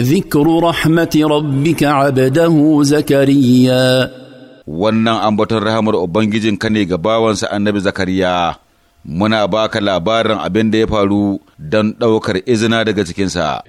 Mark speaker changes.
Speaker 1: ذكر رحمة ربك عبده زكريا wannan ambaton rahamar ka ne ga bawansa annabi Zakariya, muna baka labarin abin da ya faru don ɗaukar izina daga cikinsa.